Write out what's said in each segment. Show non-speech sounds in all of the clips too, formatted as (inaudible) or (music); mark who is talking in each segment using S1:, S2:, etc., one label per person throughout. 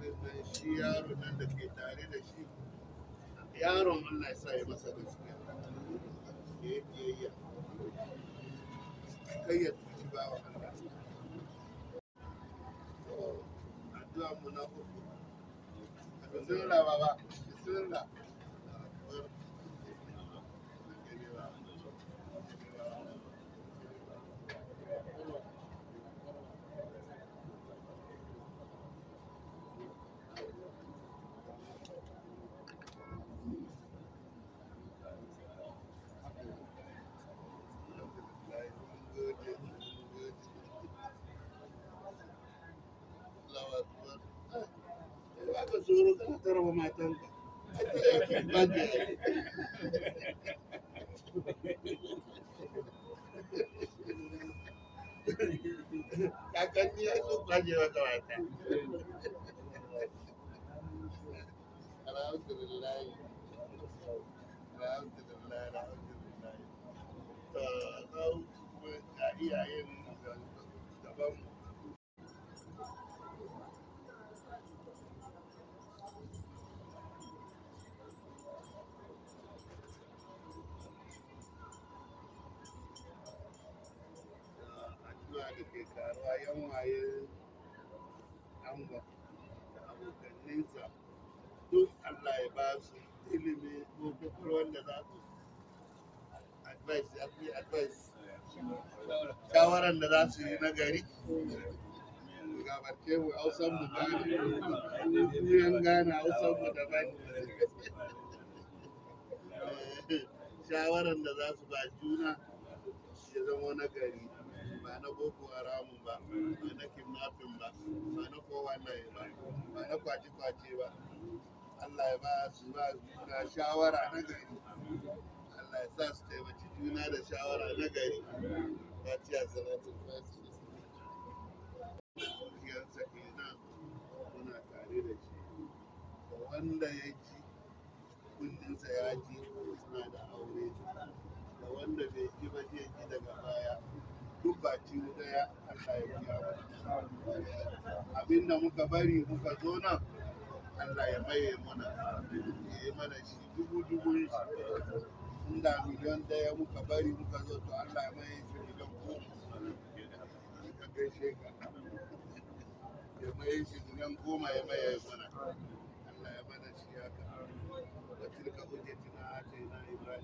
S1: irin nan shi yaron nan da ke tare da shi yaron Allah ya masa gaskiya ya yi biyayya kai ya ba wa Allah addu'a mu na a tunzun rawa ba suruh dokter mau macan kakaknya suka aja rata-rata alhamdulillah ke taruwa yan waye angon da abokaninsa duk Allah ya ba su ilimi ko kafar wanda za su advice ya fi advice shawaran da za su yi na gari gabace mu hausan mu ba yan gana hausan mu daban (laughs) eh, shawaran da za su ba juna ya zama na gari ba na boko haramun ba ba na kidnapping ba ba na kowanne ba ba na kwace-kwace ba Allah ya ba su ba juna shawara na gari Allah ya sa su taimaki juna da shawara na gari a Fatiha salatul fatiha yansa kenan muna tare da shi da wanda ya ji kundinsa ya ji mu daya Allah ya biya abinda muka bari muka zo nan Allah ya maye mana ya yi mana shi dubu dubu inda miliyan daya muka bari muka zo to Allah ya maye shi miliyan goma ka gaishe ka ya maye shi miliyan goma ya maye mana Allah ya mana shi wa tilka hujjatina atayna ala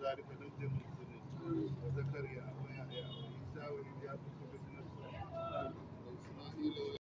S1: ذلك نجزي المحسنين وزكريا ويحيى وعيسى وإلياس كل من الصالحين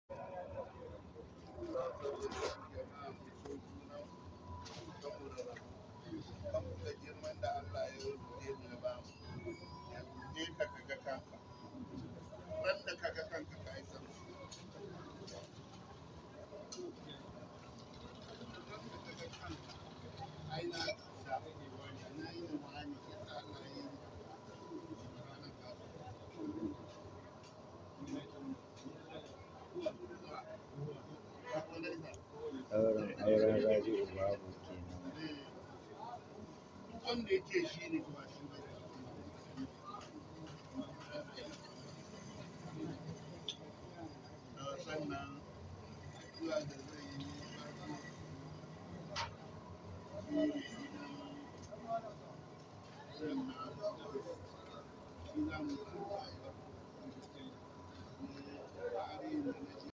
S1: Ɗaurin auren Rabi'u babu kenan. sannan zuwa da za